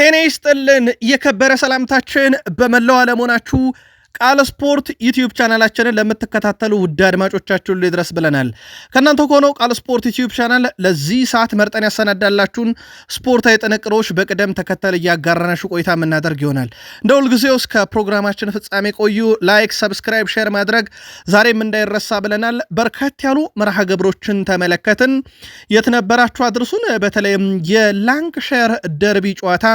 ጤና ይስጥልን የከበረ ሰላምታችን በመላው አለመሆናችሁ ቃል ስፖርት ዩቲዩብ ቻናላችንን ለምትከታተሉ ውድ አድማጮቻችን ድረስ ብለናል። ከእናንተ ከሆነው ቃል ስፖርት ዩቲዩብ ቻናል ለዚህ ሰዓት መርጠን ያሰናዳላችሁን ስፖርታዊ ጥንቅሮች በቅደም ተከተል እያጋራናችሁ ቆይታ የምናደርግ ይሆናል። እንደ ሁልጊዜ ውስጥ ከፕሮግራማችን ፍጻሜ ቆዩ። ላይክ፣ ሰብስክራይብ፣ ሼር ማድረግ ዛሬም እንዳይረሳ ብለናል። በርከት ያሉ መርሃ ግብሮችን ተመለከትን። የት ነበራችሁ አድርሱን። በተለይም የላንክሸር ደርቢ ጨዋታ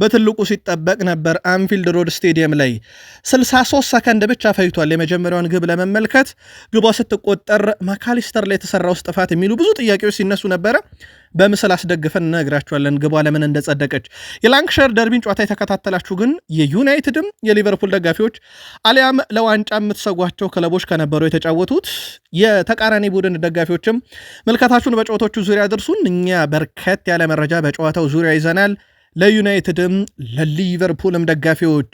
በትልቁ ሲጠበቅ ነበር። አንፊልድ ሮድ ስቴዲየም ላይ 63 ሰከንድ ብቻ ፈጅቷል የመጀመሪያውን ግብ ለመመልከት። ግቧ ስትቆጠር ማካሊስተር ላይ የተሰራው ጥፋት የሚሉ ብዙ ጥያቄዎች ሲነሱ ነበረ። በምስል አስደግፈን እነግራችኋለን ግቧ ለምን እንደጸደቀች። የላንክሸር ደርቢን ጨዋታ የተከታተላችሁ ግን የዩናይትድም የሊቨርፑል ደጋፊዎች አሊያም ለዋንጫ የምትሰጓቸው ክለቦች ከነበሩ የተጫወቱት የተቃራኒ ቡድን ደጋፊዎችም ምልከታችሁን በጨዋታዎቹ ዙሪያ ድርሱን። እኛ በርከት ያለ መረጃ በጨዋታው ዙሪያ ይዘናል። ለዩናይትድም ለሊቨርፑልም ደጋፊዎች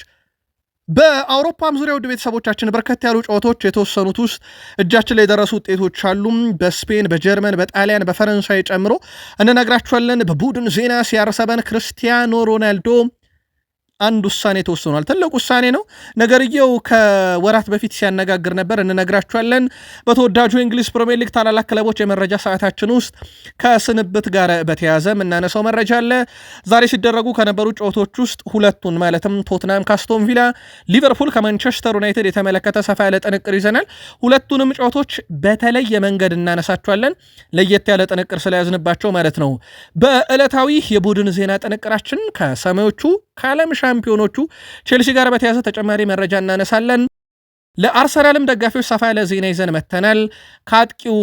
በአውሮፓም ዙሪያ ውድ ቤተሰቦቻችን በርከት ያሉ ጨዋታዎች የተወሰኑት ውስጥ እጃችን ላይ የደረሱ ውጤቶች አሉ። በስፔን፣ በጀርመን፣ በጣሊያን፣ በፈረንሳይ ጨምሮ እንነግራችኋለን። በቡድን ዜና ሲያርሰበን ክርስቲያኖ ሮናልዶ አንድ ውሳኔ ተወስኗል። ትልቅ ውሳኔ ነው። ነገርየው ከወራት በፊት ሲያነጋግር ነበር፣ እንነግራችኋለን። በተወዳጁ የእንግሊዝ ፕሪሚየር ሊግ ታላላቅ ክለቦች የመረጃ ሰዓታችን ውስጥ ከስንብት ጋር በተያያዘ የምናነሳው መረጃ አለ። ዛሬ ሲደረጉ ከነበሩ ጨዋታዎች ውስጥ ሁለቱን ማለትም ቶትናም ከአስቶን ቪላ፣ ሊቨርፑል ከማንቸስተር ዩናይትድ የተመለከተ ሰፋ ያለ ጥንቅር ይዘናል። ሁለቱንም ጨዋታዎች በተለየ መንገድ እናነሳችኋለን፣ ለየት ያለ ጥንቅር ስለያዝንባቸው ማለት ነው። በዕለታዊ የቡድን ዜና ጥንቅራችን ከሰማዮቹ ከዓለም ሻምፒዮኖቹ ቼልሲ ጋር በተያዘ ተጨማሪ መረጃ እናነሳለን። ለአርሰናልም ደጋፊዎች ሰፋ ያለ ዜና ይዘን መተናል። ከአጥቂው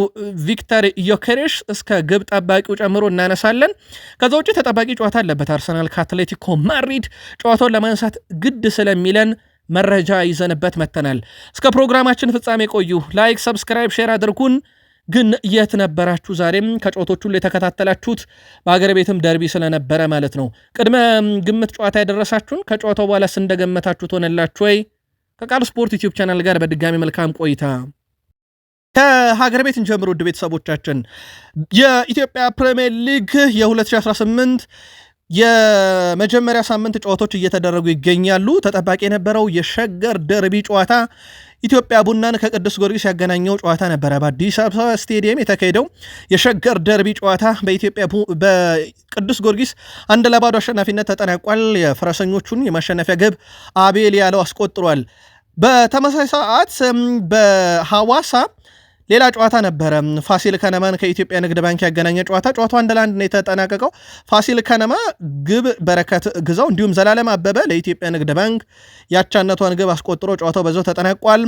ቪክተር ዮኬሬሽ እስከ ግብ ጠባቂው ጨምሮ እናነሳለን። ከዛ ውጭ ተጠባቂ ጨዋታ አለበት አርሰናል ከአትሌቲኮ ማድሪድ። ጨዋታውን ለማንሳት ግድ ስለሚለን መረጃ ይዘንበት መተናል። እስከ ፕሮግራማችን ፍጻሜ ቆዩ። ላይክ፣ ሰብስክራይብ፣ ሼር አድርጉን። ግን የት ነበራችሁ? ዛሬም ከጨዋታዎቹ ሁሉ የተከታተላችሁት በሀገር ቤትም ደርቢ ስለነበረ ማለት ነው። ቅድመ ግምት ጨዋታ ያደረሳችሁን ከጨዋታው በኋላ እንደገመታችሁት ሆነላችሁ ወይ? ከቃል ስፖርት ዩቲዩብ ቻናል ጋር በድጋሚ መልካም ቆይታ። ከሀገር ቤት እንጀምር ውድ ቤተሰቦቻችን። የኢትዮጵያ ፕሪምየር ሊግ የ2018 የመጀመሪያ ሳምንት ጨዋታዎች እየተደረጉ ይገኛሉ። ተጠባቂ የነበረው የሸገር ደርቢ ጨዋታ ኢትዮጵያ ቡናን ከቅዱስ ጊዮርጊስ ያገናኘው ጨዋታ ነበረ። በአዲስ አበባ ስቴዲየም የተካሄደው የሸገር ደርቢ ጨዋታ በኢትዮጵያ በቅዱስ ጊዮርጊስ አንድ ለባዶ አሸናፊነት ተጠናቋል። የፈረሰኞቹን የማሸነፊያ ግብ አቤል ያለው አስቆጥሯል። በተመሳሳይ ሰዓት በሐዋሳ ሌላ ጨዋታ ነበረ። ፋሲል ከነማን ከኢትዮጵያ ንግድ ባንክ ያገናኘ ጨዋታ። ጨዋታው አንድ ለአንድ ነው የተጠናቀቀው። ፋሲል ከነማ ግብ በረከት ግዛው እንዲሁም ዘላለም አበበ ለኢትዮጵያ ንግድ ባንክ ያቻነቷን ግብ አስቆጥሮ ጨዋታው በዛው ተጠናቋል።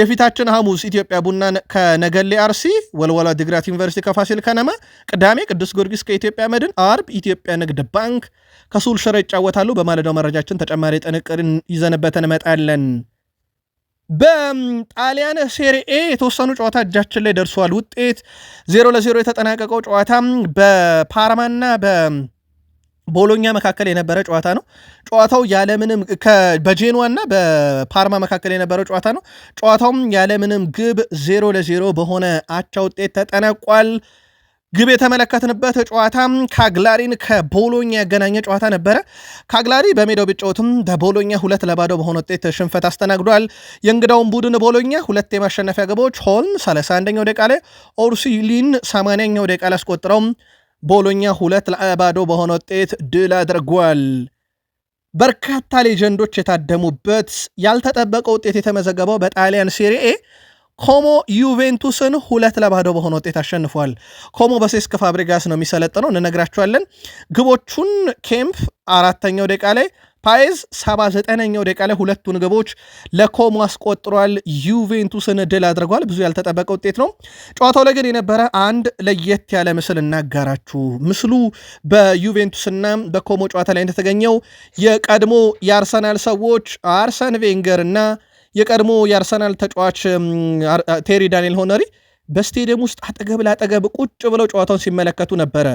የፊታችን ሐሙስ ኢትዮጵያ ቡና ከነገሌ አርሲ፣ ወልወላ ዲግራት ዩኒቨርሲቲ ከፋሲል ከነማ፣ ቅዳሜ ቅዱስ ጊዮርጊስ ከኢትዮጵያ መድን፣ አርብ ኢትዮጵያ ንግድ ባንክ ከሱል ሽረ ይጫወታሉ። በማለዳው መረጃችን ተጨማሪ ጥንቅርን ይዘንበት እንመጣለን። በጣሊያን ሴሪኤ የተወሰኑ ጨዋታ እጃችን ላይ ደርሷል። ውጤት ዜሮ ለዜሮ የተጠናቀቀው ጨዋታ በፓርማና በቦሎኛ መካከል የነበረ ጨዋታ ነው። ጨዋታው ያለምንም በጄንዋና በፓርማ መካከል የነበረው ጨዋታ ነው። ጨዋታውም ያለምንም ግብ ዜሮ ለዜሮ በሆነ አቻ ውጤት ተጠናቋል። ግብ የተመለከትንበት ጨዋታ ካግላሪን ከቦሎኛ ያገናኘ ጨዋታ ነበረ። ካግላሪ በሜዳው ቢጫወትም በቦሎኛ ሁለት ለባዶ በሆነ ውጤት ሽንፈት አስተናግዷል። የእንግዳውን ቡድን ቦሎኛ ሁለት የማሸነፊያ ግቦች ሆልም 31ኛው ደቂቃ ላይ፣ ኦርሲሊን 80ኛው ደቂቃ ላይ ቦሎኛ ሁለት ለባዶ በሆነ ውጤት ድል አድርጓል። በርካታ ሌጀንዶች የታደሙበት ያልተጠበቀ ውጤት የተመዘገበው በጣሊያን ሴሪኤ ኮሞ ዩቬንቱስን ሁለት ለባዶ በሆነ ውጤት አሸንፏል። ኮሞ በሴስክ ፋብሪጋስ ነው የሚሰለጥነው፣ እንነግራችኋለን። ግቦቹን ኬምፕ አራተኛው ደቂቃ ላይ ፓይዝ 79ኛው ደቂቃ ላይ ሁለቱን ግቦች ለኮሞ አስቆጥሯል። ዩቬንቱስን ድል አድርጓል። ብዙ ያልተጠበቀ ውጤት ነው። ጨዋታው ላይ ግን የነበረ አንድ ለየት ያለ ምስል እናጋራችሁ። ምስሉ በዩቬንቱስና በኮሞ ጨዋታ ላይ እንደተገኘው የቀድሞ የአርሰናል ሰዎች አርሰን ቬንገር እና የቀድሞ የአርሰናል ተጫዋች ቴሪ ዳንኤል ሆነሪ በስቴዲየም ውስጥ አጠገብ ለአጠገብ ቁጭ ብለው ጨዋታውን ሲመለከቱ ነበረ።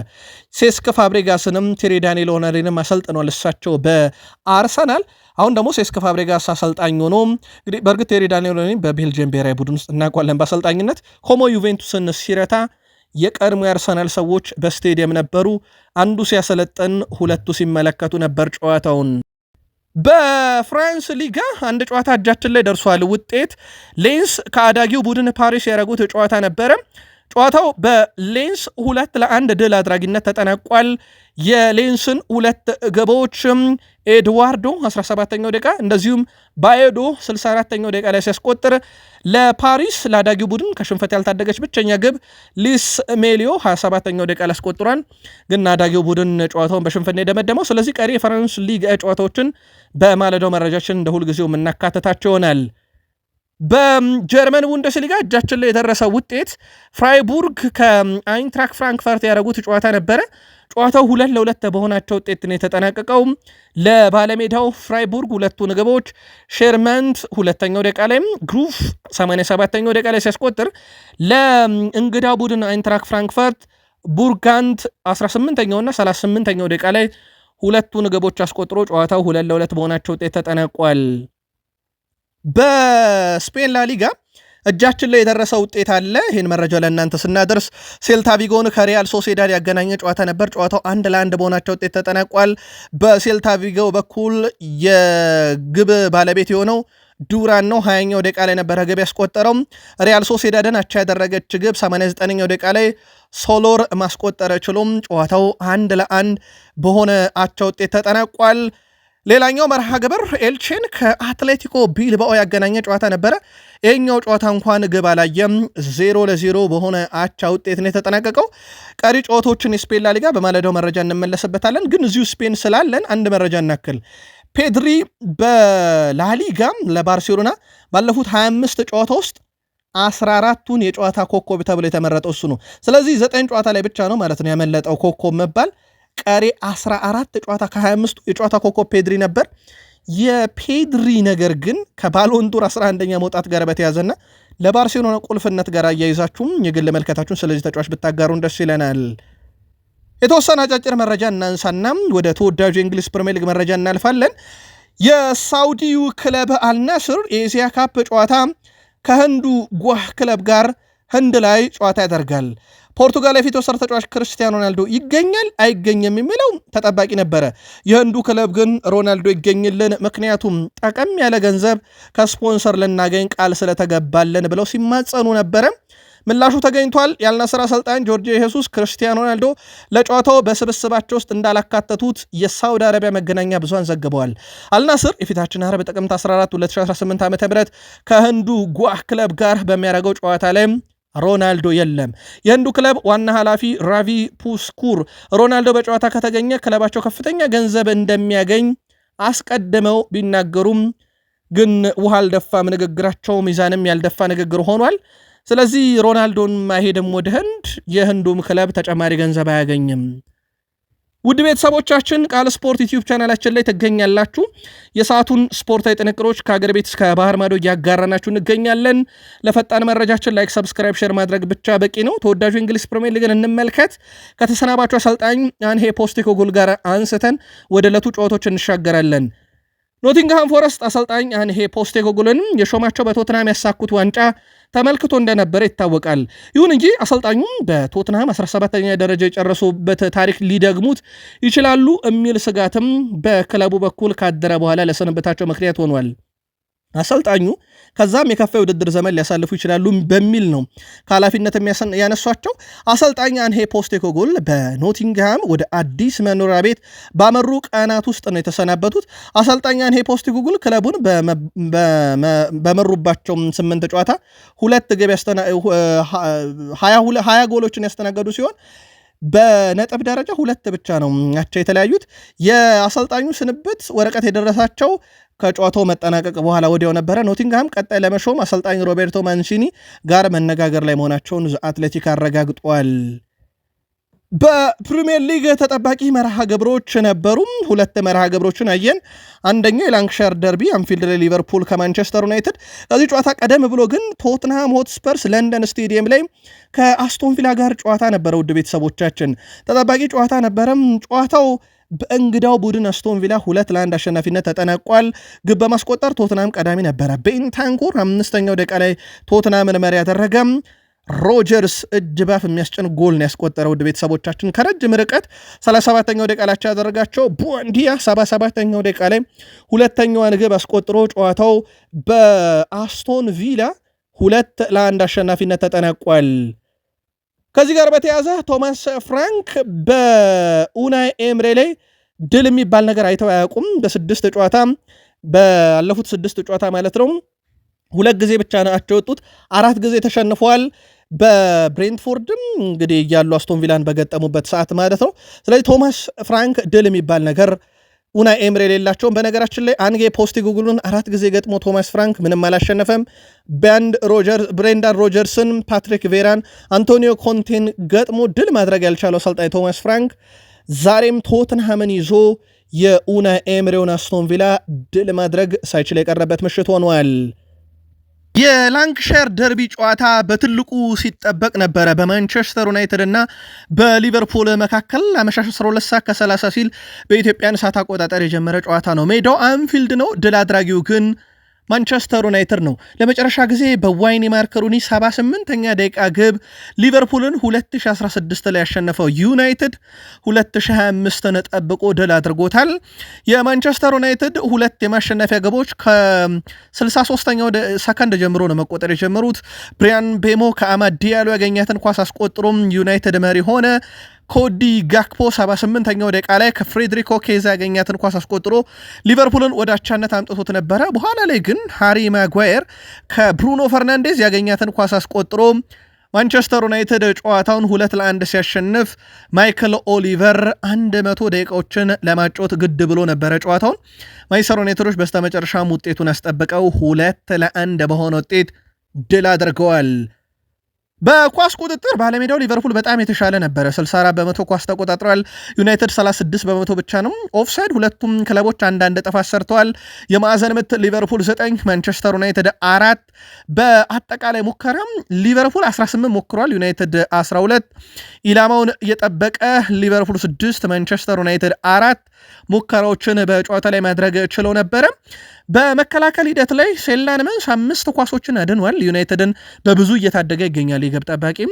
ሴስክ ፋብሬጋስንም ቴሪ ዳንኤል ሆነሪንም አሰልጥኗል እሳቸው በአርሰናል። አሁን ደግሞ ሴስክ ፋብሬጋስ አሰልጣኝ ሆኖ እንግዲህ በእርግጥ ቴሪ ዳንኤል ሆነሪ በቤልጅየም ብሔራዊ ቡድን ውስጥ እናውቋለን በአሰልጣኝነት ሆሞ ዩቬንቱስን ሲረታ የቀድሞ የአርሰናል ሰዎች በስቴዲየም ነበሩ። አንዱ ሲያሰለጥን፣ ሁለቱ ሲመለከቱ ነበር ጨዋታውን። በፍራንስ ሊጋ አንድ ጨዋታ እጃችን ላይ ደርሷል። ውጤት ሌንስ ከአዳጊው ቡድን ፓሪስ ያደረጉት ጨዋታ ነበረ። ጨዋታው በሌንስ ሁለት ለአንድ ድል አድራጊነት ተጠናቋል። የሌንስን ሁለት ገባዎችም ኤድዋርዶ 17ኛው ደቂቃ እንደዚሁም ባኤዶ 64ኛው ደቂቃ ላይ ሲያስቆጥር ለፓሪስ ለአዳጊ ቡድን ከሽንፈት ያልታደገች ብቸኛ ግብ ሊስ ሜሊዮ 27ኛው ደቂቃ ላይ አስቆጥሯል። ግን አዳጊው ቡድን ጨዋታውን በሽንፈት የደመደመው። ስለዚህ ቀሪ የፈረንስ ሊግ ጨዋታዎችን በማለዳው መረጃችን እንደ ሁልጊዜው የምናካትታቸው ይሆናል። በጀርመን ቡንደስሊጋ እጃችን ላይ የደረሰው ውጤት ፍራይቡርግ ከአይንትራክ ፍራንክፈርት ያደረጉት ጨዋታ ነበረ። ጨዋታው ሁለት ለሁለት በሆናቸው ውጤት ነው የተጠናቀቀው። ለባለሜዳው ፍራይቡርግ ሁለቱን ግቦች ሼርመንት ሁለተኛው ደቂቃ ላይ፣ ግሩፍ 87ኛው ደቂቃ ላይ ሲያስቆጥር ለእንግዳ ቡድን አይንትራክ ፍራንክፈርት ቡርጋንት 18ኛውና 38ኛው ደቂቃ ላይ ሁለቱን ግቦች አስቆጥሮ ጨዋታው ሁለት ለሁለት በሆናቸው ውጤት ተጠናቋል። በስፔን ላሊጋ እጃችን ላይ የደረሰ ውጤት አለ። ይህን መረጃ ለእናንተ ስናደርስ ሴልታ ቪጎን ከሪያል ሶሴዳድ ያገናኘ ጨዋታ ነበር። ጨዋታው አንድ ለአንድ በሆናቸው ውጤት ተጠናቋል። በሴልታ ቪጎ በኩል የግብ ባለቤት የሆነው ዱራን ነው። ሀያኛው ደቂቃ ላይ ነበረ ግብ ያስቆጠረው። ሪያል ሶሴዳድን አቻ ያደረገች ግብ 89ኛው ደቂቃ ላይ ሶሎር ማስቆጠረ ችሎም ጨዋታው አንድ ለአንድ በሆነ አቻ ውጤት ተጠናቋል። ሌላኛው መርሃ ግብር ኤልቼን ከአትሌቲኮ ቢልባኦ ያገናኘ ጨዋታ ነበረ። የኛው ጨዋታ እንኳን ግብ አላየም፣ ዜሮ ለዜሮ በሆነ አቻ ውጤት ነው የተጠናቀቀው። ቀሪ ጨዋታዎችን የስፔን ላሊጋ በማለዳው መረጃ እንመለስበታለን። ግን እዚሁ ስፔን ስላለን አንድ መረጃ እናክል። ፔድሪ በላሊጋ ለባርሴሎና ባለፉት 25 ጨዋታ ውስጥ 14ቱን የጨዋታ ኮከብ ተብሎ የተመረጠው እሱ ነው። ስለዚህ ዘጠኝ ጨዋታ ላይ ብቻ ነው ማለት ነው ያመለጠው ኮከብ መባል ቀሪ 14 ጨዋታ ከ25 የጨዋታ ኮከብ ፔድሪ ነበር። የፔድሪ ነገር ግን ከባሎንዱር 11ኛ መውጣት ጋር በተያዘና ለባርሴሎና ቁልፍነት ጋር አያይዛችሁም የግል መልከታችሁን ስለዚህ ተጫዋች ብታጋሩን ደስ ይለናል። የተወሰነ አጫጭር መረጃ እናንሳና ወደ ተወዳጁ የእንግሊዝ ፕሪሚየር ሊግ መረጃ እናልፋለን። የሳውዲው ክለብ አልናስር የኤስያ ካፕ ጨዋታ ከህንዱ ጓህ ክለብ ጋር ህንድ ላይ ጨዋታ ያደርጋል። ፖርቱጋል የፊት ወሰር ተጫዋች ክርስቲያኖ ሮናልዶ ይገኛል አይገኝም የሚለው ተጠባቂ ነበረ። የህንዱ ክለብ ግን ሮናልዶ ይገኝልን፣ ምክንያቱም ጠቀም ያለ ገንዘብ ከስፖንሰር ልናገኝ ቃል ስለተገባልን ብለው ሲማጸኑ ነበረ። ምላሹ ተገኝቷል። የአልናስር አሰልጣኝ ጆርጅ ሄሱስ ክርስቲያኖ ሮናልዶ ለጨዋታው በስብስባቸው ውስጥ እንዳላካተቱት የሳውዲ አረቢያ መገናኛ ብዙሃን ዘግበዋል። አልናስር የፊታችን አረብ ጥቅምት 14 2018 ዓ ም ከህንዱ ጓህ ክለብ ጋር በሚያደርገው ጨዋታ ላይ ሮናልዶ የለም። የህንዱ ክለብ ዋና ኃላፊ ራቪ ፑስኩር ሮናልዶ በጨዋታ ከተገኘ ክለባቸው ከፍተኛ ገንዘብ እንደሚያገኝ አስቀድመው ቢናገሩም ግን ውሃ አልደፋም ንግግራቸው፣ ሚዛንም ያልደፋ ንግግር ሆኗል። ስለዚህ ሮናልዶን ማሄድም ወደ ህንድ፣ የህንዱም ክለብ ተጨማሪ ገንዘብ አያገኝም። ውድ ቤተሰቦቻችን ቃል ስፖርት ዩቲዩብ ቻናላችን ላይ ትገኛላችሁ። የሰዓቱን ስፖርታዊ ጥንቅሮች ከሀገር ቤት እስከ ባህር ማዶ እያጋራናችሁ እንገኛለን። ለፈጣን መረጃችን ላይክ፣ ሰብስክራይብ፣ ሼር ማድረግ ብቻ በቂ ነው። ተወዳጁ እንግሊዝ ፕሪሚየር ሊግን እንመልከት። ከተሰናባቹ አሰልጣኝ አንሄ ፖስቴኮግሉ ጋር አንስተን ወደ ዕለቱ ጨዋታዎች እንሻገራለን። ኖቲንግሃም ፎረስት አሰልጣኝ አንሄ ፖስቴኮግሉን የሾማቸው በቶትናም ያሳኩት ዋንጫ ተመልክቶ እንደነበረ ይታወቃል። ይሁን እንጂ አሰልጣኙም በቶትንሃም 17ኛ ደረጃ የጨረሱበት ታሪክ ሊደግሙት ይችላሉ የሚል ስጋትም በክለቡ በኩል ካደረ በኋላ ለሰንበታቸው ምክንያት ሆኗል። አሰልጣኙ ከዛም የከፋ የውድድር ዘመን ሊያሳልፉ ይችላሉ በሚል ነው ከኃላፊነት ያነሷቸው። አሰልጣኝ አንሄ ፖስቴኮግሉ በኖቲንግሃም ወደ አዲስ መኖሪያ ቤት ባመሩ ቀናት ውስጥ ነው የተሰናበቱት። አሰልጣኝ አንሄ ፖስቴኮግሉ ክለቡን በመሩባቸው ስምንት ጨዋታ ሁለት ግብ ሀያ ጎሎችን ያስተናገዱ ሲሆን በነጥብ ደረጃ ሁለት ብቻ ነው አቻ የተለያዩት። የአሰልጣኙ ስንብት ወረቀት የደረሳቸው ከጨዋታው መጠናቀቅ በኋላ ወዲያው ነበረ። ኖቲንግሃም ቀጣይ ለመሾም አሰልጣኝ ሮቤርቶ ማንሲኒ ጋር መነጋገር ላይ መሆናቸውን አትሌቲክ አረጋግጧል። በፕሪምየር ሊግ ተጠባቂ መርሃ ግብሮች ነበሩም። ሁለት መርሃ ግብሮችን አየን። አንደኛው የላንክሻር ደርቢ አንፊልድ ላይ ሊቨርፑል ከማንቸስተር ዩናይትድ። ከዚህ ጨዋታ ቀደም ብሎ ግን ቶትንሃም ሆትስፐርስ ለንደን ስቴዲየም ላይ ከአስቶንቪላ ጋር ጨዋታ ነበረ። ውድ ቤተሰቦቻችን ተጠባቂ ጨዋታ ነበረም። ጨዋታው በእንግዳው ቡድን አስቶን ቪላ ሁለት ለአንድ አሸናፊነት ተጠናቋል። ግብ በማስቆጠር ቶትናም ቀዳሚ ነበረ። ቤንታንኩር አምስተኛው ደቂቃ ላይ ቶትናምን መሪ ያደረገም ሮጀርስ እጅ ባፍ የሚያስጨን ጎል ነው ያስቆጠረው። ውድ ቤተሰቦቻችን ከረጅም ርቀት 37ኛው ደቂቃ ላቸው ያደረጋቸው ቡንዲያ 77ኛው ደቂቃ ላይ ሁለተኛዋን ግብ አስቆጥሮ ጨዋታው በአስቶን ቪላ ሁለት ለአንድ አሸናፊነት ተጠናቋል። ከዚህ ጋር በተያዘ ቶማስ ፍራንክ በኡናይ ኤምሬ ላይ ድል የሚባል ነገር አይተው አያውቁም። በስድስት ጨዋታ ባለፉት ስድስት ጨዋታ ማለት ነው ሁለት ጊዜ ብቻ ናቸው የወጡት። አራት ጊዜ ተሸንፈዋል። በብሬንትፎርድም እንግዲህ እያሉ አስቶን ቪላን በገጠሙበት ሰዓት ማለት ነው። ስለዚህ ቶማስ ፍራንክ ድል የሚባል ነገር ኡናይ ኤምሬ የሌላቸውም። በነገራችን ላይ አንጌ ፖስቲ ጉግሉን አራት ጊዜ ገጥሞ ቶማስ ፍራንክ ምንም አላሸነፈም። ቢያንድ ብሬንዳን ሮጀርስን፣ ፓትሪክ ቬራን፣ አንቶኒዮ ኮንቴን ገጥሞ ድል ማድረግ ያልቻለው አሰልጣኝ ቶማስ ፍራንክ ዛሬም ቶትንሃምን ይዞ የኡናይ ኤምሬውን አስቶን ቪላ ድል ማድረግ ሳይችል የቀረበት ምሽት ሆኗል። የላንክሻየር ደርቢ ጨዋታ በትልቁ ሲጠበቅ ነበረ። በማንቸስተር ዩናይትድ እና በሊቨርፑል መካከል አመሻሽ 12 ሰዓት ከ30 ሲል በኢትዮጵያን ሰዓት አቆጣጠር የጀመረ ጨዋታ ነው። ሜዳው አንፊልድ ነው። ድል አድራጊው ግን ማንቸስተር ዩናይትድ ነው። ለመጨረሻ ጊዜ በዋይኒ ማርከሩኒ 78ኛ ደቂቃ ግብ ሊቨርፑልን 2016 ላይ ያሸነፈው ዩናይትድ 2025ን ጠብቆ ድል አድርጎታል። የማንቸስተር ዩናይትድ ሁለት የማሸነፊያ ግቦች ከ63ኛው ሰከንድ ጀምሮ ነው መቆጠር የጀመሩት። ብሪያን ቤሞ ከአማድ ዲያሎ ያገኛትን ኳስ አስቆጥሮም ዩናይትድ መሪ ሆነ። ኮዲ ጋክፖ 78ኛው ደቂቃ ላይ ከፍሬድሪኮ ኬዛ ያገኛትን ኳስ አስቆጥሮ ሊቨርፑልን ወደ አቻነት አምጥቶት ነበረ። በኋላ ላይ ግን ሃሪ ማጓየር ከብሩኖ ፈርናንዴዝ ያገኛትን ኳስ አስቆጥሮ ማንቸስተር ዩናይትድ ጨዋታውን ሁለት ለአንድ ሲያሸንፍ ማይክል ኦሊቨር 100 ደቂቃዎችን ለማጮት ግድ ብሎ ነበረ ጨዋታውን። ማንቸስተር ዩናይትዶች በስተመጨረሻም ውጤቱን አስጠብቀው ሁለት ለአንድ በሆነ ውጤት ድል አድርገዋል። በኳስ ቁጥጥር ባለሜዳው ሊቨርፑል በጣም የተሻለ ነበረ። 64 በመቶ ኳስ ተቆጣጥሯል። ዩናይትድ 36 በመቶ ብቻ ነው። ኦፍሳይድ ሁለቱም ክለቦች አንዳንድ ጥፋት ሰርተዋል። የማዕዘን ምት ሊቨርፑል 9 ማንቸስተር ዩናይትድ 4 በአጠቃላይ ሙከራ ሊቨርፑል 18 ሞክሯል፣ ዩናይትድ 12። ኢላማውን እየጠበቀ ሊቨርፑል 6 ማንቸስተር ዩናይትድ አራት ሙከራዎችን በጨዋታ ላይ ማድረግ ችለው ነበረ። በመከላከል ሂደት ላይ ሴላንመንስ አምስት ኳሶችን አድኗል። ዩናይትድን በብዙ እየታደገ ይገኛል። የግብ ጠባቂም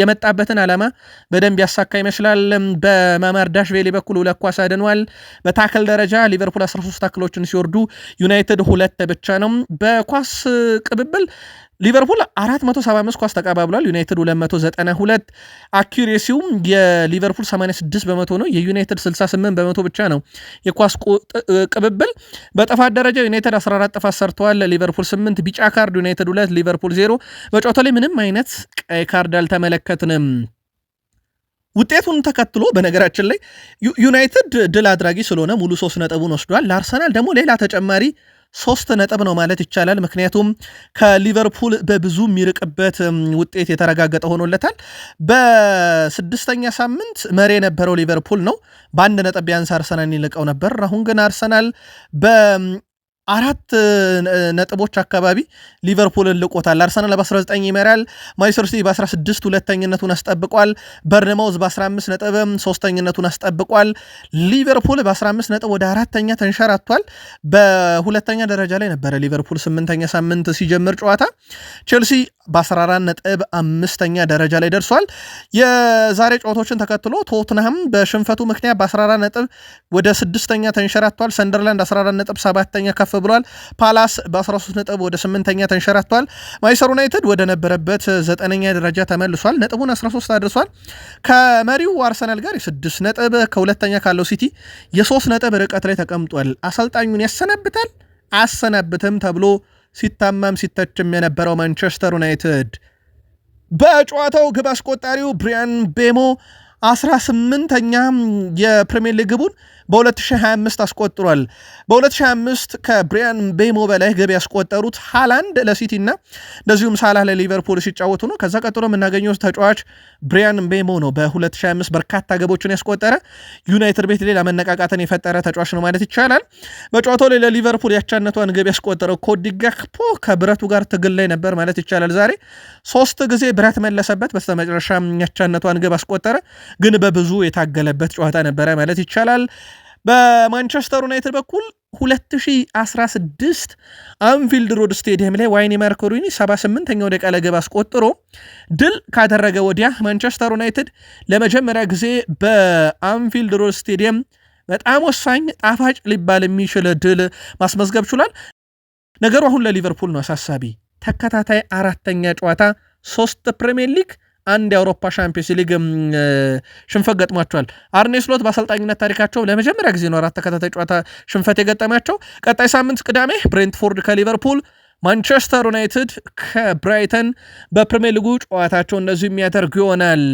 የመጣበትን ዓላማ በደንብ ያሳካ ይመስላል። በማማር ዳሽቬሊ በኩል ሁለት ኳስ አድኗል። በታክል ደረጃ ሊቨርፑል 13 ታክሎችን ሲወርዱ ዩናይትድ ሁለት ብቻ ነው። በኳስ ቅብብል ሊቨርፑል 475 ኳስ ተቀባብሏል። ዩናይትድ 292። አኪሬሲውም የሊቨርፑል 86 በመቶ ነው፣ የዩናይትድ 68 በመቶ ብቻ ነው የኳስ ቅብብል። በጥፋት ደረጃ ዩናይትድ 14 ጥፋት ሰርተዋል፣ ሊቨርፑል 8። ቢጫ ካርድ ዩናይትድ 2 ሊቨርፑል 0። በጨዋታው ላይ ምንም አይነት ቀይ ካርድ አልተመለከትንም። ውጤቱን ተከትሎ በነገራችን ላይ ዩናይትድ ድል አድራጊ ስለሆነ ሙሉ ሶስት ነጥቡን ወስዷል። ለአርሰናል ደግሞ ሌላ ተጨማሪ ሶስት ነጥብ ነው ማለት ይቻላል። ምክንያቱም ከሊቨርፑል በብዙ የሚርቅበት ውጤት የተረጋገጠ ሆኖለታል። በስድስተኛ ሳምንት መሪ የነበረው ሊቨርፑል ነው። በአንድ ነጥብ ቢያንስ አርሰናል ይልቀው ነበር። አሁን ግን አርሰናል በ አራት ነጥቦች አካባቢ ሊቨርፑልን ልቆታል። አርሰናል በ19 ይመራል። ማንቸስተር ሲቲ በ16 ሁለተኝነቱን አስጠብቋል። በርንማውዝ በ15 ነጥብም ሶስተኝነቱን አስጠብቋል። ሊቨርፑል በ15 ነጥብ ወደ አራተኛ ተንሸራቷል። በሁለተኛ ደረጃ ላይ ነበረ ሊቨርፑል ስምንተኛ ሳምንት ሲጀምር ጨዋታ ቼልሲ በ14 ነጥብ አምስተኛ ደረጃ ላይ ደርሷል። የዛሬ ጨዋታዎችን ተከትሎ ቶትንሃም በሽንፈቱ ምክንያት በ14 ነጥብ ወደ ስድስተኛ ተንሸራቷል። ሰንደርላንድ 14 ነጥብ ሰባተኛ ከፍ ከፍ ብሏል። ፓላስ በ13 ነጥብ ወደ ስምንተኛ ተንሸራቷል። ማይሰር ዩናይትድ ወደ ነበረበት ዘጠነኛ ደረጃ ተመልሷል። ነጥቡን 13 አድርሷል። ከመሪው አርሰናል ጋር የስድስት ነጥብ ከሁለተኛ ካለው ሲቲ የሶስት ነጥብ ርቀት ላይ ተቀምጧል። አሰልጣኙን ያሰናብታል አሰናብትም ተብሎ ሲታማም ሲተችም የነበረው ማንቸስተር ዩናይትድ በጨዋታው ግብ አስቆጣሪው ብሪያን ቤሞ 18ኛ የፕሪሚየር ሊግ ግቡን በ2025 አስቆጥሯል። በ2025 ከብሪያን ቤሞ በላይ ገቢ ያስቆጠሩት ሃላንድ ለሲቲ እና እንደዚሁም ሳላህ ለሊቨርፑል ሲጫወቱ ነው። ከዛ ቀጥሎ የምናገኘው ተጫዋች ብሪያን ቤሞ ነው። በ2025 በርካታ ገቦችን ያስቆጠረ ዩናይትድ ቤት ሌላ መነቃቃትን የፈጠረ ተጫዋች ነው ማለት ይቻላል። በጨዋታው ላይ ለሊቨርፑል ያቻነቷን ገቢ ያስቆጠረው ኮዲ ጋክፖ ከብረቱ ጋር ትግል ላይ ነበር ማለት ይቻላል። ዛሬ ሶስት ጊዜ ብረት መለሰበት፣ በስተመጨረሻ ያቻነቷን ገብ አስቆጠረ። ግን በብዙ የታገለበት ጨዋታ ነበረ ማለት ይቻላል። በማንቸስተር ዩናይትድ በኩል 2016 አንፊልድ ሮድ ስቴዲየም ላይ ዋይኒ ማርኮሪኒ 78ኛው ደቂቃ ላይ አስቆጥሮ ድል ካደረገ ወዲያ ማንቸስተር ዩናይትድ ለመጀመሪያ ጊዜ በአንፊልድ ሮድ ስቴዲየም በጣም ወሳኝ ጣፋጭ ሊባል የሚችል ድል ማስመዝገብ ችሏል። ነገሩ አሁን ለሊቨርፑል ነው አሳሳቢ። ተከታታይ አራተኛ ጨዋታ ሶስት ፕሪሚየር ሊግ አንድ የአውሮፓ ሻምፒዮንስ ሊግ ሽንፈት ገጥሟቸዋል። አርኔ ስሎት በአሰልጣኝነት ታሪካቸው ለመጀመሪያ ጊዜ ነው አራት ተከታታይ ጨዋታ ሽንፈት የገጠማቸው። ቀጣይ ሳምንት ቅዳሜ ብሬንትፎርድ ከሊቨርፑል፣ ማንቸስተር ዩናይትድ ከብራይተን በፕሪሚየር ሊጉ ጨዋታቸው እነዚሁ የሚያደርጉ ይሆናል።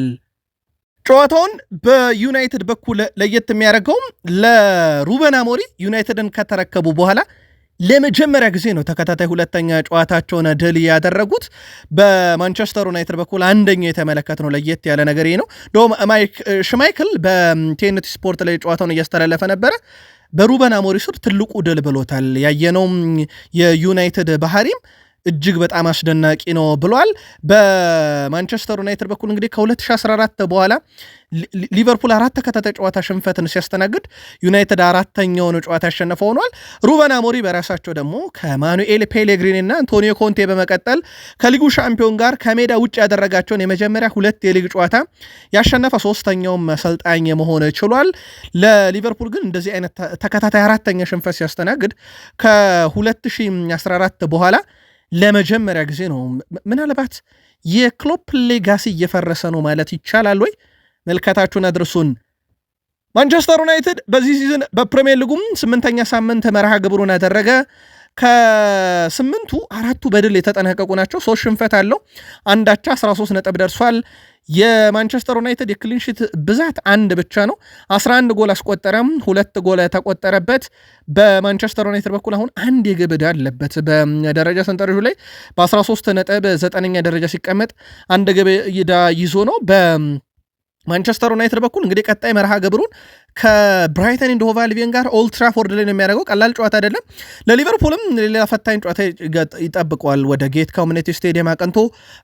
ጨዋታውን በዩናይትድ በኩል ለየት የሚያደርገውም ለሩበን አሞሪ ዩናይትድን ከተረከቡ በኋላ ለመጀመሪያ ጊዜ ነው ተከታታይ ሁለተኛ ጨዋታቸውን ድል ያደረጉት። በማንቸስተር ዩናይትድ በኩል አንደኛ የተመለከት ነው ለየት ያለ ነገር ነው። እንደውም ማይክ ሽማይክል በቴንት ስፖርት ላይ ጨዋታውን እያስተላለፈ ነበረ። በሩበን አሞሪም ስር ትልቁ ድል ብሎታል። ያየነውም የዩናይትድ ባህሪም እጅግ በጣም አስደናቂ ነው ብሏል። በማንቸስተር ዩናይትድ በኩል እንግዲህ ከ2014 በኋላ ሊቨርፑል አራት ተከታታይ ጨዋታ ሽንፈትን ሲያስተናግድ ዩናይትድ አራተኛውን ጨዋታ ያሸነፈ ሆኗል። ሩበን አሞሪ በራሳቸው ደግሞ ከማኑኤል ፔሌግሪኒ እና አንቶኒዮ ኮንቴ በመቀጠል ከሊጉ ሻምፒዮን ጋር ከሜዳ ውጭ ያደረጋቸውን የመጀመሪያ ሁለት የሊግ ጨዋታ ያሸነፈ ሶስተኛውም አሰልጣኝ መሆን ችሏል። ለሊቨርፑል ግን እንደዚህ አይነት ተከታታይ አራተኛ ሽንፈት ሲያስተናግድ ከ2014 በኋላ ለመጀመሪያ ጊዜ ነው። ምናልባት የክሎፕ ሌጋሲ እየፈረሰ ነው ማለት ይቻላል ወይ? መልከታችሁን አድርሱን። ማንቸስተር ዩናይትድ በዚህ ሲዝን በፕሪሚየር ሊጉም ስምንተኛ ሳምንት መርሃ ግብሩን አደረገ። ከስምንቱ አራቱ በድል የተጠናቀቁ ናቸው። ሶስት ሽንፈት አለው። አንዳቻ 13 ነጥብ ደርሷል። የማንቸስተር ዩናይትድ የክሊንሽት ብዛት አንድ ብቻ ነው። 11 ጎል አስቆጠረም፣ ሁለት ጎል ተቆጠረበት። በማንቸስተር ዩናይትድ በኩል አሁን አንድ የግብ ዕዳ አለበት። በደረጃ ሰንጠረዡ ላይ በ13 ነጥብ ዘጠነኛ ደረጃ ሲቀመጥ አንድ ግብ ዕዳ ይዞ ነው በ ማንቸስተር ዩናይትድ በኩል እንግዲህ ቀጣይ መርሃ ግብሩን ከብራይተን ኢንድ ሆቭ አልቢዮን ጋር ኦልትራፎርድ ላይ ነው የሚያደርገው። ቀላል ጨዋታ አይደለም። ለሊቨርፑልም ሌላ ፈታኝ ጨዋታ ይጠብቀዋል። ወደ ጌት ኮሚኒቲ ስቴዲየም አቅንቶ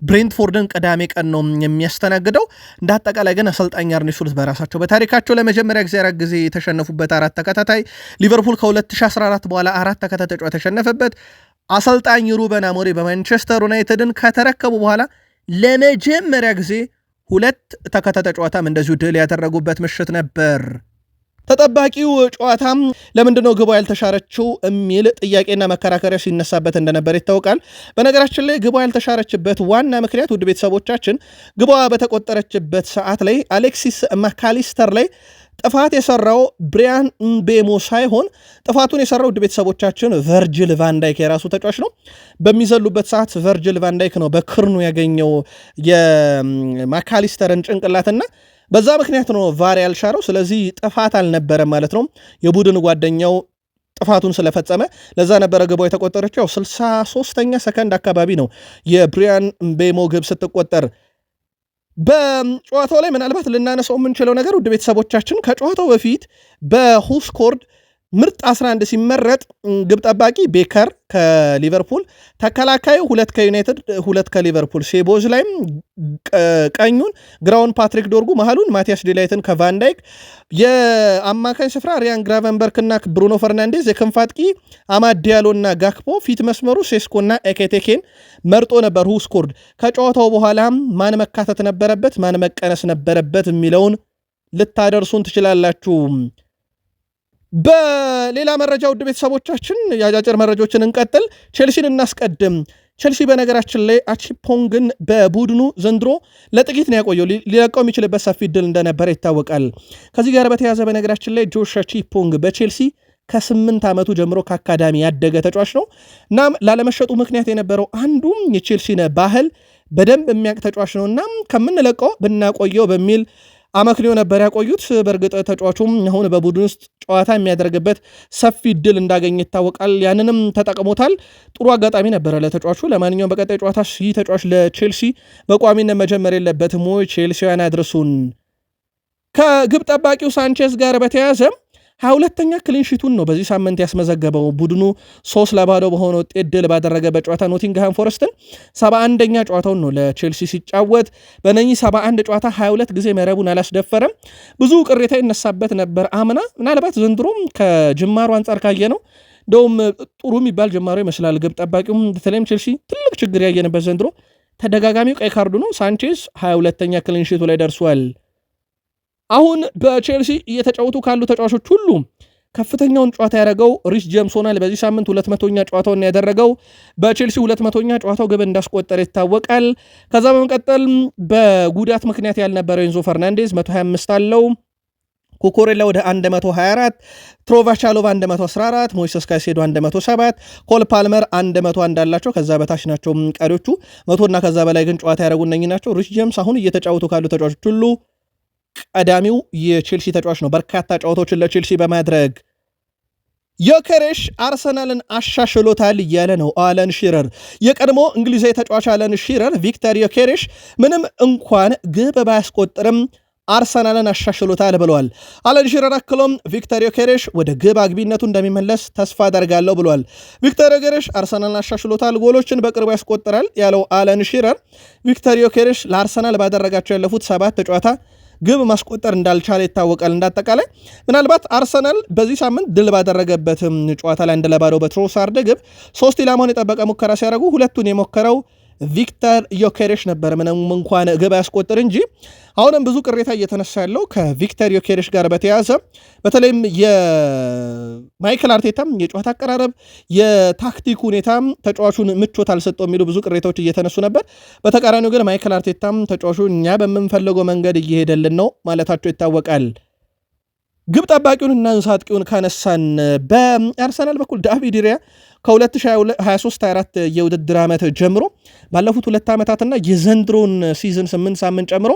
ብሬንትፎርድን ቅዳሜ ቀን ነው የሚያስተናግደው። እንደ አጠቃላይ ግን አሰልጣኝ አርኔ ስሎት በራሳቸው በታሪካቸው ለመጀመሪያ ጊዜ አራት ጊዜ የተሸነፉበት አራት ተከታታይ ሊቨርፑል ከ2014 በኋላ አራት ተከታታይ ጨዋታ የተሸነፈበት አሰልጣኝ ሩበን አሞሪ በማንቸስተር ዩናይትድን ከተረከቡ በኋላ ለመጀመሪያ ጊዜ ሁለት ተከታታይ ጨዋታም እንደዚሁ ድል ያደረጉበት ምሽት ነበር። ተጠባቂው ጨዋታም ለምንድነው ግቧ ያልተሻረችው የሚል ጥያቄና መከራከሪያ ሲነሳበት እንደነበር ይታወቃል። በነገራችን ላይ ግቧ ያልተሻረችበት ዋና ምክንያት ውድ ቤተሰቦቻችን ግቧ በተቆጠረችበት ሰዓት ላይ አሌክሲስ ማካሊስተር ላይ ጥፋት የሰራው ብሪያን ምቤሞ ሳይሆን ጥፋቱን የሰራው ውድ ቤተሰቦቻችን ቨርጅል ቫንዳይክ የራሱ ተጫዋች ነው። በሚዘሉበት ሰዓት ቨርጅል ቫንዳይክ ነው በክርኑ ያገኘው የማካሊስተርን ጭንቅላትና በዛ ምክንያት ነው ቫር ያልሻረው። ስለዚህ ጥፋት አልነበረም ማለት ነው። የቡድን ጓደኛው ጥፋቱን ስለፈጸመ ለዛ ነበረ ግቧ የተቆጠረችው። ያው 63ኛ ሰከንድ አካባቢ ነው የብሪያን ምቤሞ ግብ ስትቆጠር በጨዋታው ላይ ምናልባት ልናነሳው የምንችለው ነገር ውድ ቤተሰቦቻችን ከጨዋታው በፊት በሁስኮርድ ምርጥ 11 ሲመረጥ ግብ ጠባቂ ቤከር ከሊቨርፑል፣ ተከላካዩ ሁለት ከዩናይትድ ሁለት ከሊቨርፑል፣ ሴቦዝ ላይም ቀኙን ግራውን ፓትሪክ ዶርጉ፣ መሀሉን ማቲያስ ዲላይትን ከቫንዳይክ፣ የአማካኝ ስፍራ ሪያን ግራቨንበርክ እና ብሩኖ ፈርናንዴዝ፣ የክንፍ አጥቂ አማድ እና ጋክፖ፣ ፊት መስመሩ ሴስኮ እና ኤኬቴኬን መርጦ ነበር። ሁስኮርድ ከጨዋታው በኋላም ማን መካተት ነበረበት ማን መቀነስ ነበረበት የሚለውን ልታደርሱን ትችላላችሁ። በሌላ መረጃ ውድ ቤተሰቦቻችን የአጫጭር መረጃዎችን እንቀጥል። ቼልሲን እናስቀድም። ቼልሲ በነገራችን ላይ አቺፖንግን በቡድኑ ዘንድሮ ለጥቂት ነው ያቆየው። ሊለቀው የሚችልበት ሰፊ እድል እንደነበረ ይታወቃል። ከዚህ ጋር በተያያዘ በነገራችን ላይ ጆሽ አቺፖንግ በቼልሲ ከስምንት ዓመቱ ጀምሮ ከአካዳሚ ያደገ ተጫዋች ነው። እናም ላለመሸጡ ምክንያት የነበረው አንዱም የቼልሲን ባህል በደንብ የሚያውቅ ተጫዋች ነው። እናም ከምንለቀው ብናቆየው በሚል አመክንዮ ነበር ያቆዩት። በእርግጥ ተጫዋቹም አሁን በቡድን ውስጥ ጨዋታ የሚያደርግበት ሰፊ እድል እንዳገኘ ይታወቃል። ያንንም ተጠቅሞታል። ጥሩ አጋጣሚ ነበረ ለተጫዋቹ። ለማንኛውም በቀጣይ ጨዋታ ይህ ተጫዋች ለቼልሲ በቋሚነት መጀመር የለበትም ወይ? ቼልሲውያን ያድርሱን። ከግብ ጠባቂው ሳንቼዝ ጋር በተያያዘም ሁለተኛ ክሊንሽቱን ክሊንሺቱን ነው በዚህ ሳምንት ያስመዘገበው። ቡድኑ ሶስት ለባዶ በሆነ ውጤት ድል ባደረገበት ጨዋታ ኖቲንግሃም ፎረስትን 71ኛ ጨዋታውን ነው ለቼልሲ ሲጫወት። በነኚህ 71 ጨዋታ 22 ጊዜ መረቡን አላስደፈረም። ብዙ ቅሬታ ይነሳበት ነበር አምና። ምናልባት ዘንድሮም ከጅማሩ አንጻር ካየ ነው እንደውም ጥሩ የሚባል ጅማሮ ይመስላል። ግብ ጠባቂውም በተለይም ቼልሲ ትልቅ ችግር ያየንበት ዘንድሮ ተደጋጋሚው ቀይ ካርዱ ነው። ሳንቼዝ 22 ሁለተኛ ክሊንሺቱ ላይ ደርሷል። አሁን በቼልሲ እየተጫወቱ ካሉ ተጫዋቾች ሁሉ ከፍተኛውን ጨዋታ ያደረገው ሪስ ጀምስ ሆናል። በዚህ ሳምንት ሁለት መቶኛ ጨዋታውን ያደረገው በቼልሲ ሁለት መቶኛ ጨዋታው ግብ እንዳስቆጠረ ይታወቃል። ከዛ በመቀጠል በጉዳት ምክንያት ያልነበረው ኤንዞ ፈርናንዴዝ 125 አለው። ኮኮሬላ ወደ 124 ትሮቫቻሎቭ 114 ሞይሰስ ካይሴዶ 107 ኮል ፓልመር 101 አላቸው። ከዛ በታች ናቸው ቀሪዎቹ መቶና ከዛ በላይ ግን ጨዋታ ያደረጉ እነኝ ናቸው። ሪች ጀምስ አሁን እየተጫወቱ ካሉ ተጫዋቾች ሁሉ ቀዳሚው የቼልሲ ተጫዋች ነው። በርካታ ጨዋታዎችን ለቼልሲ በማድረግ ዮከሬሽ አርሰናልን አሻሽሎታል እያለ ነው አለን ሺረር። የቀድሞ እንግሊዛዊ ተጫዋች አለን ሺረር ቪክተር ዮከሬሽ ምንም እንኳን ግብ ባያስቆጥርም አርሰናልን አሻሽሎታል ብለዋል። አለን ሺረር አክሎም ቪክተር ዮኬሬሽ ወደ ግብ አግቢነቱ እንደሚመለስ ተስፋ አደርጋለሁ ብለዋል። ቪክተር ዮኬሬሽ አርሰናልን አሻሽሎታል፣ ጎሎችን በቅርቡ ያስቆጥራል ያለው አለን ሺረር ቪክተር ዮኬሬሽ ለአርሰናል ባደረጋቸው ያለፉት ሰባት ጨዋታ ግብ ማስቆጠር እንዳልቻለ ይታወቃል። እንዳጠቃላይ ምናልባት አርሰናል በዚህ ሳምንት ድል ባደረገበትም ጨዋታ ላይ እንደለባዶ በትሮሳርድ ግብ ሶስት ኢላማውን የጠበቀ ሙከራ ሲያደርጉ ሁለቱን የሞከረው ቪክተር ዮኬሬሽ ነበር ምንም እንኳን ግብ ያስቆጥር እንጂ። አሁንም ብዙ ቅሬታ እየተነሳ ያለው ከቪክተር ዮኬሬሽ ጋር በተያያዘ በተለይም የማይክል አርቴታም የጨዋታ አቀራረብ፣ የታክቲክ ሁኔታ ተጫዋቹን ምቾት አልሰጠው የሚሉ ብዙ ቅሬታዎች እየተነሱ ነበር። በተቃራኒው ግን ማይክል አርቴታም ተጫዋቹ እኛ በምንፈለገው መንገድ እየሄደልን ነው ማለታቸው ይታወቃል። ግብ ጠባቂውንና እና አጥቂውን ካነሳን በአርሰናል በኩል ዳቪድ ሪያ ከ2023/24 የውድድር ዓመት ጀምሮ ባለፉት ሁለት ዓመታትና የዘንድሮን ሲዝን 8 ሳምንት ጨምሮ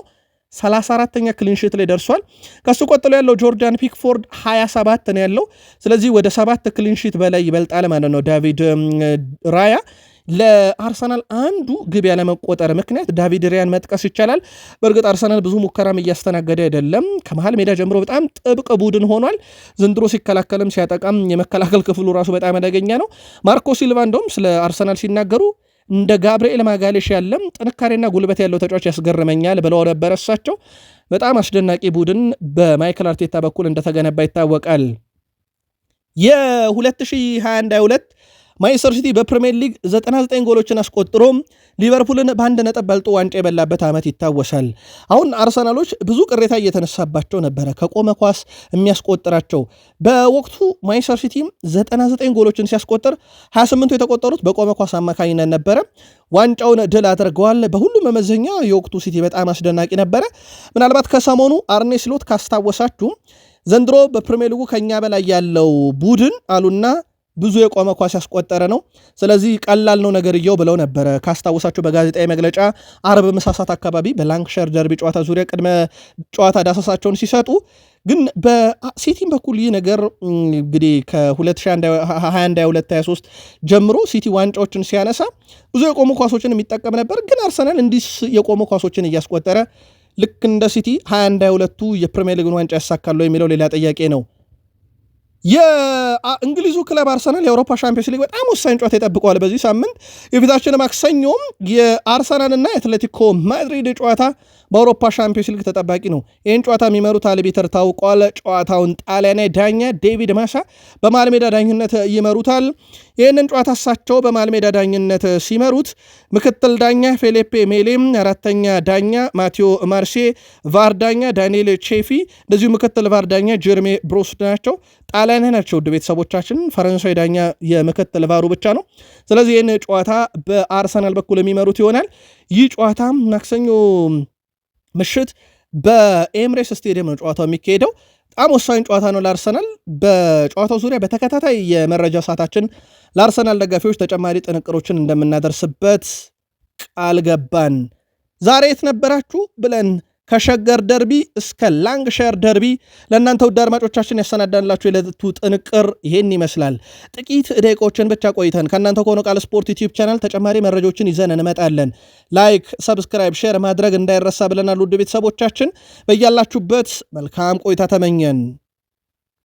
34ተኛ ክሊንሽት ላይ ደርሷል። ከሱ ቀጥሎ ያለው ጆርዳን ፒክፎርድ 27 ነው ያለው። ስለዚህ ወደ ሰባት ክሊንሽት በላይ ይበልጣል ማለት ነው ዳቪድ ራያ ለአርሰናል አንዱ ግብ ያለመቆጠር ምክንያት ዳቪድ ሪያን መጥቀስ ይቻላል። በእርግጥ አርሰናል ብዙ ሙከራም እያስተናገደ አይደለም። ከመሀል ሜዳ ጀምሮ በጣም ጥብቅ ቡድን ሆኗል። ዘንድሮ ሲከላከልም ሲያጠቃም የመከላከል ክፍሉ ራሱ በጣም አደገኛ ነው። ማርኮ ሲልቫ እንደውም ስለ አርሰናል ሲናገሩ እንደ ጋብርኤል ማጋሌሽ ያለም ጥንካሬና ጉልበት ያለው ተጫዋች ያስገርመኛል ብለው ነበረ። እሳቸው በጣም አስደናቂ ቡድን በማይክል አርቴታ በኩል እንደተገነባ ይታወቃል። የ2022 22 ማንቸስተር ሲቲ በፕሪምየር ሊግ 99 ጎሎችን አስቆጥሮ ሊቨርፑልን በአንድ ነጥብ በልጦ ዋንጫ የበላበት ዓመት ይታወሳል። አሁን አርሰናሎች ብዙ ቅሬታ እየተነሳባቸው ነበረ፣ ከቆመ ኳስ የሚያስቆጥራቸው። በወቅቱ ማንቸስተር ሲቲ 99 ጎሎችን ሲያስቆጥር 28ቱ የተቆጠሩት በቆመ ኳስ አማካኝነት ነበረ። ዋንጫውን ድል አድርገዋል። በሁሉም መመዘኛ የወቅቱ ሲቲ በጣም አስደናቂ ነበረ። ምናልባት ከሰሞኑ አርኔ ስሎት ካስታወሳችሁ ዘንድሮ በፕሪሚየር ሊጉ ከኛ በላይ ያለው ቡድን አሉና ብዙ የቆመ ኳስ ያስቆጠረ ነው። ስለዚህ ቀላል ነው ነገርየው ብለው ነበረ። ካስታወሳችሁ በጋዜጣዊ መግለጫ አርብ ምሳሳት አካባቢ በላንክሸር ደርቢ ጨዋታ ዙሪያ ቅድመ ጨዋታ ዳሰሳቸውን ሲሰጡ ግን በሲቲም በኩል ይህ ነገር እንግዲህ ከ 2021 23 ጀምሮ ሲቲ ዋንጫዎችን ሲያነሳ ብዙ የቆሙ ኳሶችን የሚጠቀም ነበር። ግን አርሰናል እንዲህ የቆሙ ኳሶችን እያስቆጠረ ልክ እንደ ሲቲ 21/22ቱ የፕሪሚየር ሊግን ዋንጫ ያሳካለ የሚለው ሌላ ጥያቄ ነው። የእንግሊዙ ክለብ አርሰናል የአውሮፓ ሻምፒዮንስ ሊግ በጣም ወሳኝ ጨዋታ ይጠብቀዋል በዚህ ሳምንት። የፊታችን ማክሰኞም የአርሰናልና የአትሌቲኮ ማድሪድ ጨዋታ በአውሮፓ ሻምፒዮንስ ሊግ ተጠባቂ ነው። ይህን ጨዋታ የሚመሩት አልቢተር ታውቋል። ጨዋታውን ጣሊያናዊ ዳኛ ዴቪድ ማሳ በማልሜዳ ዳኝነት ይመሩታል። ይህንን ጨዋታ እሳቸው በማልሜዳ ዳኝነት ሲመሩት ምክትል ዳኛ ፌሌፔ ሜሌም፣ አራተኛ ዳኛ ማቴዎ ማርሴ፣ ቫር ዳኛ ዳንኤል ቼፊ እንደዚሁ ምክትል ቫር ዳኛ ጀርሜ ብሮስድ ናቸው። ጣሊያናዊ ናቸው። ውድ ቤተሰቦቻችን ፈረንሳዊ ዳኛ የምክትል ቫሩ ብቻ ነው። ስለዚህ ይህን ጨዋታ በአርሰናል በኩል የሚመሩት ይሆናል። ይህ ጨዋታ ማክሰኞ ምሽት በኤምሬስ ስቴዲየም ነው ጨዋታው የሚካሄደው። በጣም ወሳኝ ጨዋታ ነው ለአርሰናል። በጨዋታው ዙሪያ በተከታታይ የመረጃ ሰዓታችን ለአርሰናል ደጋፊዎች ተጨማሪ ጥንቅሮችን እንደምናደርስበት ቃል ገባን። ዛሬ የት ነበራችሁ ብለን ከሸገር ደርቢ እስከ ላንግሸር ደርቢ ለእናንተ ውድ አድማጮቻችን ያሰናዳንላችሁ የዕለቱ ጥንቅር ይሄን ይመስላል። ጥቂት ደቂቆችን ብቻ ቆይተን ከእናንተ ከሆነ ቃል ስፖርት ዩቲዩብ ቻናል ተጨማሪ መረጃዎችን ይዘን እንመጣለን። ላይክ፣ ሰብስክራይብ፣ ሼር ማድረግ እንዳይረሳ ብለናል። ውድ ቤተሰቦቻችን በያላችሁበት መልካም ቆይታ ተመኘን።